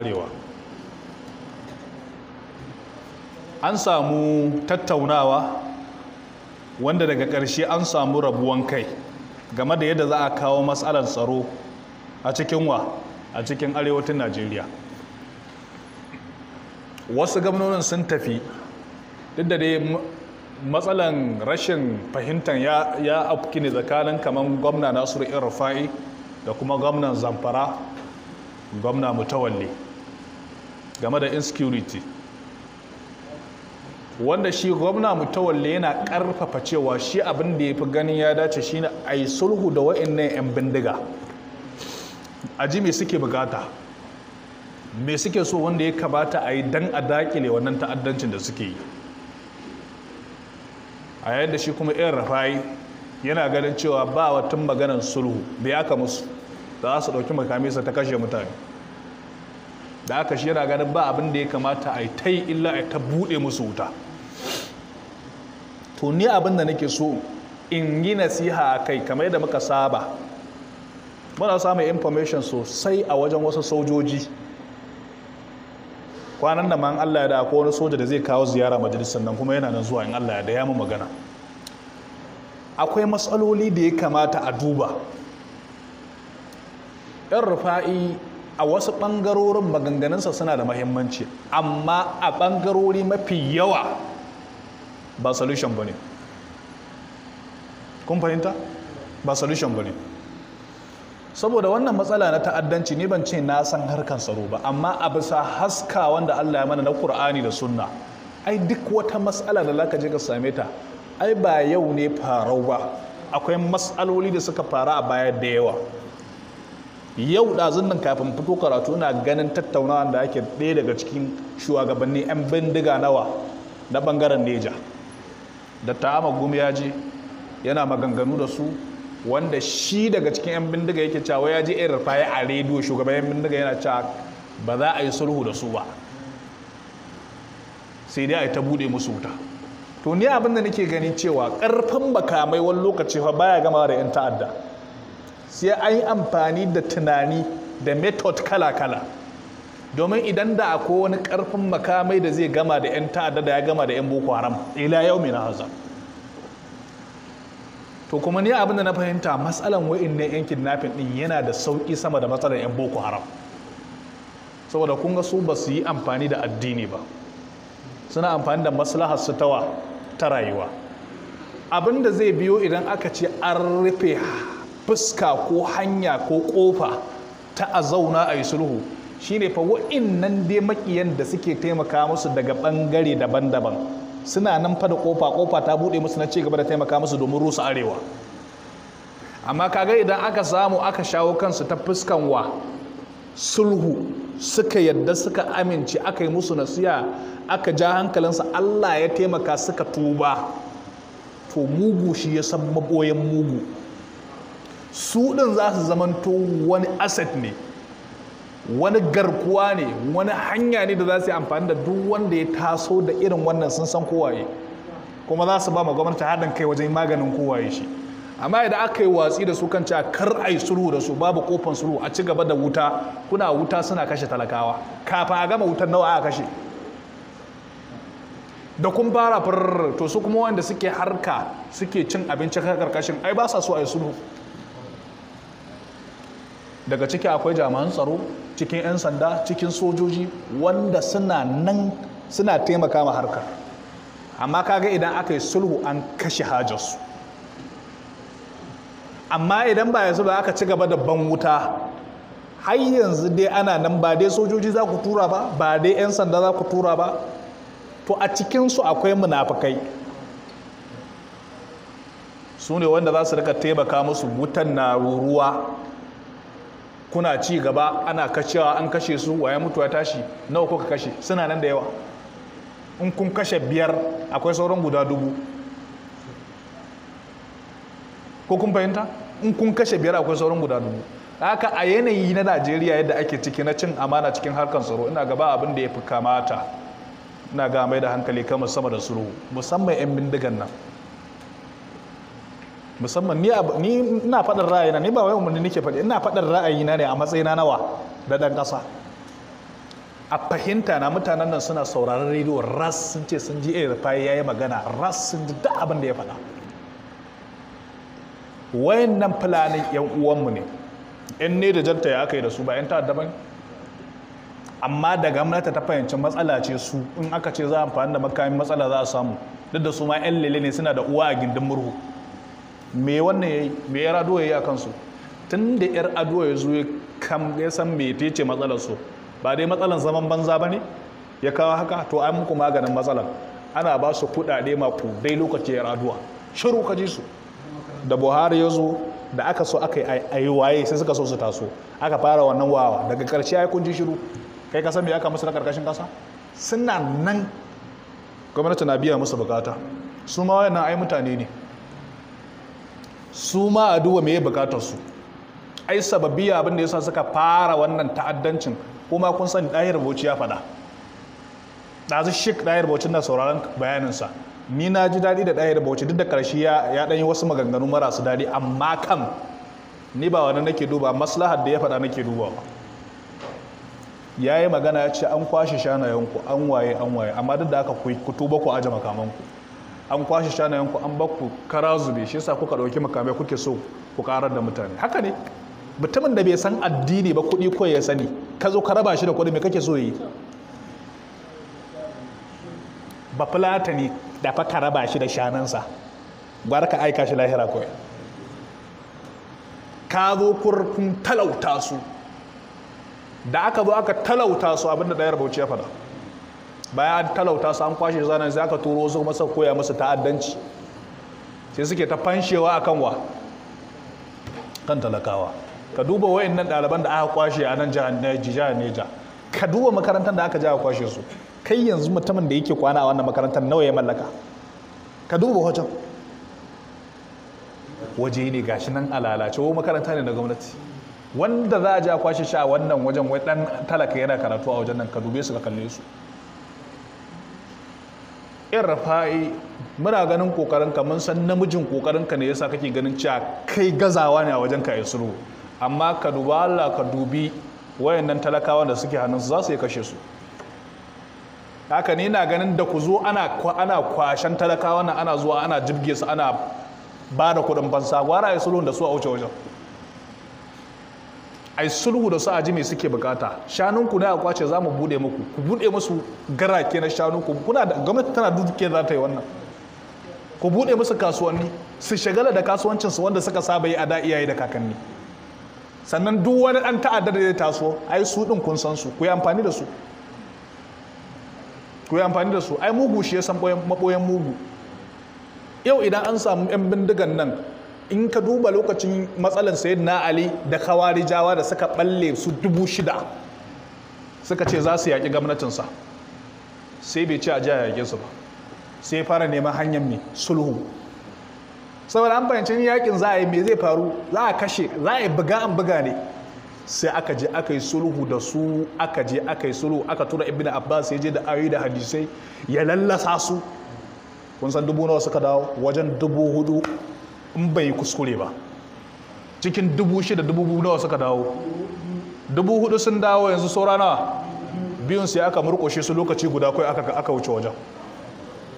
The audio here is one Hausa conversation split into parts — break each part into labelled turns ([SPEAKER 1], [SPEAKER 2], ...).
[SPEAKER 1] arewa an samu tattaunawa wanda daga ƙarshe an samu rabuwan kai game da yadda za a kawo matsalar tsaro a cikin wa a cikin arewacin najeriya wasu gamnonin sun tafi duk da dai matsalan rashin fahimtar ya afki ne tsakanin kamar gwamna nasiru irfa'i da kuma gwamnan zamfara gwamna mutawalli game da insecurity wanda shi gwamna mutawalle yana karfafa cewa shi abin da ya fi ganin ya dace shine a yi sulhu da wa'annan 'yan bindiga a ji me suke bukata me suke so wanda ya kamata a yi don a dakile wannan ta'addancin da suke yi a yayin da shi kuma yan rafayi yana ganin cewa ba watan maganan sulhu da ya musu za su ɗauki makamisa ta kashe mutane da aka shi yana ganin ba abin da ya kamata a yi ta yi illa a ta buɗe musu wuta to ni abin da nake so in yi nasiha a kai kamar yadda muka saba muna samun information sosai a wajen wasu sojoji kwanan da ma Allah ya da akwai wani soja da zai kawo ziyara majalisar nan kuma yana nan zuwa in Allah ya da ya mu magana akwai matsaloli da ya kamata a duba yan rufa'i a wasu ɓangarorin maganganunsa suna da mahimmanci amma a ɓangarori mafi yawa ba solution ba ne kun ba solution ba ne saboda wannan matsala na ta'addanci ne ban ce na san harkar tsaro ba amma a bisa haska wanda allah ya mana na ƙur'ani da sunna ai duk wata matsala da laka je ka same ta ai ba yau ne farau ba akwai matsaloli da suka faru a baya da yawa yau ɗazun nan kafin fito karatu ina ganin tattaunawa da ake ɗaya daga cikin shugabanni 'yan bindiga nawa na ɓangaren neja da ta'ama gumi ya je yana maganganu da su wanda shi daga cikin 'yan bindiga yake cewa ya je yan rufaye a rediyo shugaban 'yan bindiga yana cewa ba za a yi sulhu da su ba sai dai a yi ta buɗe musu wuta to ni abin da nake gani cewa ƙarfin makamai wani lokaci fa baya gama da 'yan ta'adda sai an yi amfani da tunani da method kala-kala domin idan da akwai wani karfin makamai da zai gama da 'yan ta'adda da ya gama da 'yan boko haram ila yau mai na to kuma ni abinda na fahimta matsalan wa'in yankin 'yan kidnapping din yana da sauki sama da matsalar 'yan boko haram saboda kun ga su ba su yi amfani da addini ba suna amfani da maslahar su tawa ta rayuwa abin da zai biyo idan aka ce an rufe fuska ko hanya ko ƙofa ta a zauna a yi sulhu shi ne fa wa'innan dai makiyan da suke taimaka musu daga ɓangare daban-daban suna nan fa da ƙofa ƙofa ta buɗe musu na cigaba da taimaka musu domin rusa arewa amma kaga idan aka samu aka shawo kansu ta fuskan wa sulhu suka yadda suka amince aka yi musu nasiya aka ja hankalinsa Allah ya taimaka suka tuba to mugu shi ya san maboyan mugu su ɗin za su zamanto wani asset ne wani garkuwa ne wani hanya ne da za su yi amfani da duk wanda ya taso da irin wannan sun san kowaye kuma za su ba ma gwamnati hadin kai wajen maganin kowaye shi amma idan aka yi watsi da su kanci a kar a yi sulhu da su babu kofan sulhu a ci gaba da wuta kuna wuta suna kashe talakawa kafin a gama wutar nawa a kashe da kun fara far to su kuma wanda suke harka suke cin abinci karkashin ai ba sa so a yi sulhu daga ciki akwai jami'an tsaro cikin 'yan sanda cikin sojoji wanda suna nan suna taimaka ma harkar amma kaga idan aka yi sulhu an kashe hajjarsu amma idan ba yanzu ba aka ci gaba da ban wuta har yanzu dai ana nan ba dai sojoji za ku tura ba ba dai 'yan sanda za ku tura ba to a cikinsu akwai munafukai su ne wanda za su rika taimaka musu wutan na ruwa kuna ci gaba ana kashewa an kashe su waya mutu ya tashi nawa kuka kashe suna nan da yawa in kun kashe biyar akwai sauran guda dubu ko kun fahimta in kun kashe biyar akwai sauran guda dubu haka a yanayi na najeriya yadda ake ciki na cin amana cikin harkar tsaro ina gaba abin da ya fi kamata ina ga mai da hankali kamar sama da sulhu musamman 'yan bindigan nan musamman ni ina faɗin ra'ayina ni ba wai umarni nake faɗi ina faɗin ra'ayina ne a matsayina nawa da ɗan ƙasa a fahimta na mutanen nan suna sauraron rediyo ras sun ce sun ji irin fayi ya yi magana ras sun ji duk abin da ya faɗa wayan nan fulanin yan uwanmu ne yan ne da janta ya aka yi da su ba yan ta amma da gamnata ta fahimci matsala ce su in aka ce za a amfani da makamin matsala za a samu duk da su ma yan lele ne suna da uwa a gindin murhu me wannan yi me yar ya yi a kansu tun da yar aduwa ya zo ya san me ce matsalar su ba dai matsalar zaman banza ba ne ya kawo haka to an muku maganin matsalar ana ba su kuɗaɗe maku dai lokaci yar aduwa shiru ka ji su da buhari ya zo da aka so aka yi waye sai suka so su taso aka fara wannan wawa daga karshe ya kunji shiru kai ka san me aka musu na karkashin kasa suna nan gwamnati na biya musu bukata su ma wayannan ai mutane ne su ma a duwa mai bukatar su ai sababbi abin da yasa suka fara wannan ta'addancin kuma kun sani ɗahir bauchi ya faɗa ɗazu shik ɗahir bauchi na sauraron bayaninsa ni na ji daɗi da ɗahir bauchi duk da ƙarshe ya ɗanyi wasu maganganu marasu daɗi amma kan ni ba wani nake duba maslahar da ya fada nake duba ba ya yi magana ya ce an kwashe shanayenku an waye an waye amma duk da aka ku tuba ku aje makamanku an kwashe shanayenku an baku kara zube shi yasa kuka ɗauki makamai kuke so ku karar da mutane haka ne mutumin da bai san addini ba kuɗi ko ya sani ka zo ka raba shi da kuɗi mai kake so yi ba fulata ne da fa ka raba shi da shanansa gwara ka aika shi lahira kawai ka zo kurkun talauta su da aka zo aka talauta su abinda ɗayar bauchi ya faɗa bayan talauta su an kwashe zanen sai aka turo su kuma koya musu ta'addanci sai suke ta fanshewa akan wa kan talakawa ka duba nan ɗaliban da aka kwashe a nan jihar Neja ka duba makarantar da aka ja aka kwashe su kai yanzu mutumin da yake kwana a wannan makarantar nawa ya mallaka ka duba wajen. waje ne gashi nan alalace lalace ko makaranta ne na gwamnati wanda za a ja kwashe shi a wannan wajen wai dan talaka yana karatu a wajen nan ka dube su ka kalle su rafa'i muna ganin kokarin ka mun san namijin kokarin ka ne yasa kake ganin cewa kai gazawa ne a wajen ka yasuru amma ka duba Allah ka dubi wayannan talakawa da suke hannunsu za su yi kashe su haka ne na ganin da ku zo ana kwashen talakawa na ana zuwa ana jibge su ana ba da kuɗin bansa gwara ya da su a wuce wajen ai sulhu da su a ji me suke bukata shanunku na a kwace za mu bude muku ku bude musu garake na shanunku kuna da gwamnati tana duke za ta yi wannan ku bude musu kasuwanni su shagala da kasuwancinsu wanda suka saba yi a da iyaye da kakanni sannan duk wani dan ta'adda da ya taso ai su din kun san su ku yi amfani da su ku yi amfani da su ai mugu shi ya san maboyan mugu yau idan an samu yan bindigan nan in ka duba lokacin matsalan na ali da kawari jawa da suka balle su dubu shida suka ce za su yaƙi gwamnatinsa sai bai ci a ji a yaƙe su ba sai fara neman hanyar mai sulhu saboda an fahimci yakin za a yi me zai faru za a kashe za a yi buga an buga ne sai aka je aka yi sulhu da su aka je aka yi sulhu aka tura ibn abbas ya je da ayoyi da hadisai ya lallasa su kun san dubu nawa suka dawo wajen dubu hudu in bai kuskure ba cikin dubu shida dubu nawa suka dawo dubu hudu sun dawo yanzu saura nawa biyun sai aka murkushe su lokaci guda kai aka aka wuce wajen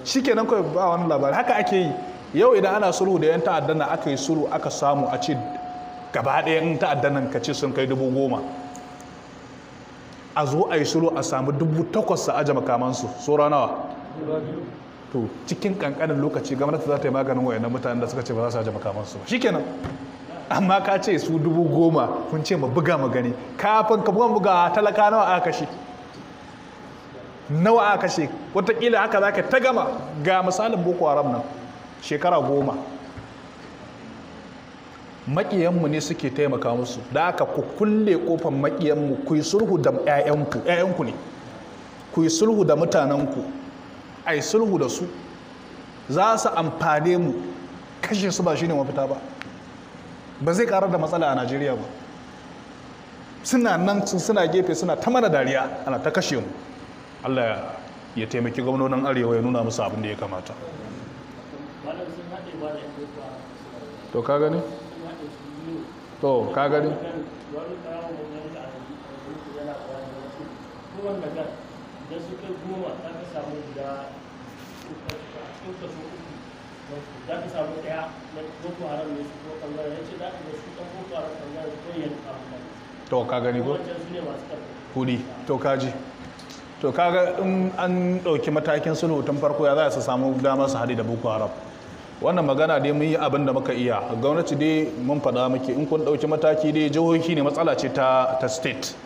[SPEAKER 1] shikenan kai ba wani labari haka ake yi yau idan ana sulhu da yan ta'addan aka yi sulhu aka samu a ce gaba ɗaya in ta'addan nan ka ce sun kai dubu goma a zo a yi sulhu a samu dubu takwas a aje makamansu saura nawa to cikin kankanin lokaci gwamnati za ta yi maganin na mutanen da suka ce ba za su haji makamansu ba shikenan amma ka ce su dubu goma kun ce ma buga mu kafin ka buga buga talaka nawa aka kashe nawa aka kashe watakila haka za ka ta gama ga misalin boko haram nan shekara goma maƙiyanmu ne suke taimaka musu da aka ku kulle ƙofan maƙiyanmu ku yi sulhu da 'ya'yanku 'ya'yanku ne ku yi sulhu da mutanenku a yi sulhu da su za su amfane mu kashe su ba shi ne mafita ba ba zai karar da matsala a najeriya ba suna nan suna gefe suna ta mana dariya ana ta kashe mu allah ya taimaki gwamnonin arewa ya nuna musu abin da ya kamata to ka gani to ka gani idan su kai goma za ka samu guda cikin kaso uku za ka samu ɗaya na boko haram ne su ko ɓangaren ya ce za ka su ɗan boko haram ɓangaren ko yin amfani to ka gani ko kudi to ka kaji to kaga in an ɗauki matakin sulhu tun farko ya za su samu damar su haɗe da boko haram wannan magana dai mun yi abin da muka iya gwamnati dai mun faɗa muke in kun ɗauki mataki dai jihohi ne matsala ce ta state